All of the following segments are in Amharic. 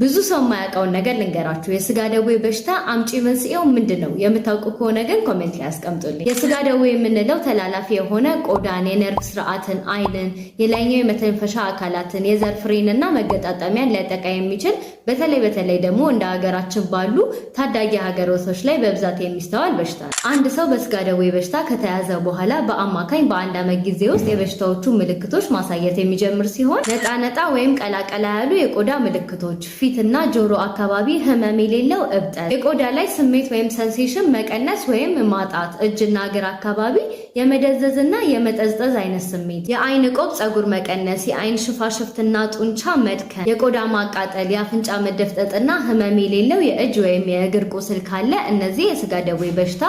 ብዙ ሰው የማያውቀውን ነገር ልንገራችሁ። የስጋ ደዌ በሽታ አምጪ መንስኤው ምንድን ነው? የምታውቁ ከሆነ ግን ኮሜንት ላይ ያስቀምጡልኝ። የስጋ ደዌ የምንለው ተላላፊ የሆነ ቆዳን፣ የነርቭ ስርዓትን፣ አይንን፣ የላይኛው የመተንፈሻ አካላትን፣ የዘር ፍሬን እና መገጣጠሚያን ሊያጠቃ የሚችል በተለይ በተለይ ደግሞ እንደ ሀገራችን ባሉ ታዳጊ ሀገሮቶች ላይ በብዛት የሚስተዋል በሽታ ነው። አንድ ሰው በስጋ ደዌ በሽታ ከተያዘ በኋላ በአማካኝ በአንድ አመት ጊዜ ውስጥ የበሽታዎቹ ምልክቶች ማሳየት የሚጀምር ሲሆን ነጣ ነጣ ወይም ቀላቀላ ያሉ የቆዳ ምልክቶች ፊትና ጆሮ አካባቢ ህመም የሌለው እብጠት፣ የቆዳ ላይ ስሜት ወይም ሰንሴሽን መቀነስ ወይም ማጣት፣ እጅና እግር አካባቢ የመደዘዝና የመጠዝጠዝ አይነት ስሜት፣ የአይን ቆብ ፀጉር መቀነስ፣ የአይን ሽፋሽፍትና ጡንቻ መድከም፣ የቆዳ ማቃጠል፣ የአፍንጫ መደፍጠጥና ህመም የሌለው የእጅ ወይም የእግር ቁስል ካለ እነዚህ የስጋ ደዌ በሽታ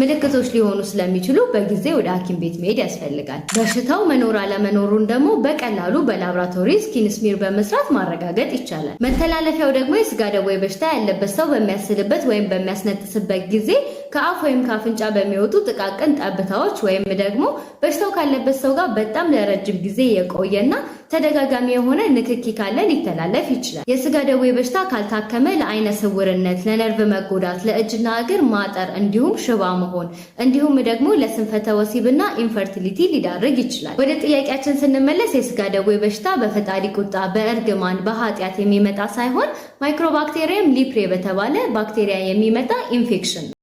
ምልክቶች ሊሆኑ ስለሚችሉ በጊዜ ወደ ሐኪም ቤት መሄድ ያስፈልጋል። በሽታው መኖር አለመኖሩን ደግሞ በቀላሉ በላብራቶሪ ስኪንስሚር ስሚር በመስራት ማረጋገጥ ይቻላል። መተላለፊያው ደግሞ የስጋ ደዌ በሽታ ያለበት ሰው በሚያስልበት ወይም በሚያስነጥስበት ጊዜ ከአፍ ወይም ከአፍንጫ በሚወጡ ጥቃቅን ጠብታዎች ወይም ደግሞ በሽታው ካለበት ሰው ጋር በጣም ለረጅም ጊዜ የቆየና ተደጋጋሚ የሆነ ንክኪ ካለ ሊተላለፍ ይችላል። የስጋ ደዌ በሽታ ካልታከመ ለአይነ ስውርነት፣ ለነርቭ መጎዳት፣ ለእጅና እግር ማጠር እንዲሁም ሽባ መሆን እንዲሁም ደግሞ ለስንፈተ ወሲብና ኢንፈርቲሊቲ ሊዳርግ ይችላል። ወደ ጥያቄያችን ስንመለስ የስጋ ደዌ በሽታ በፈጣሪ ቁጣ፣ በእርግማን፣ በኃጢአት የሚመጣ ሳይሆን ማይክሮባክቴሪየም ሊፕሬ በተባለ ባክቴሪያ የሚመጣ ኢንፌክሽን ነው።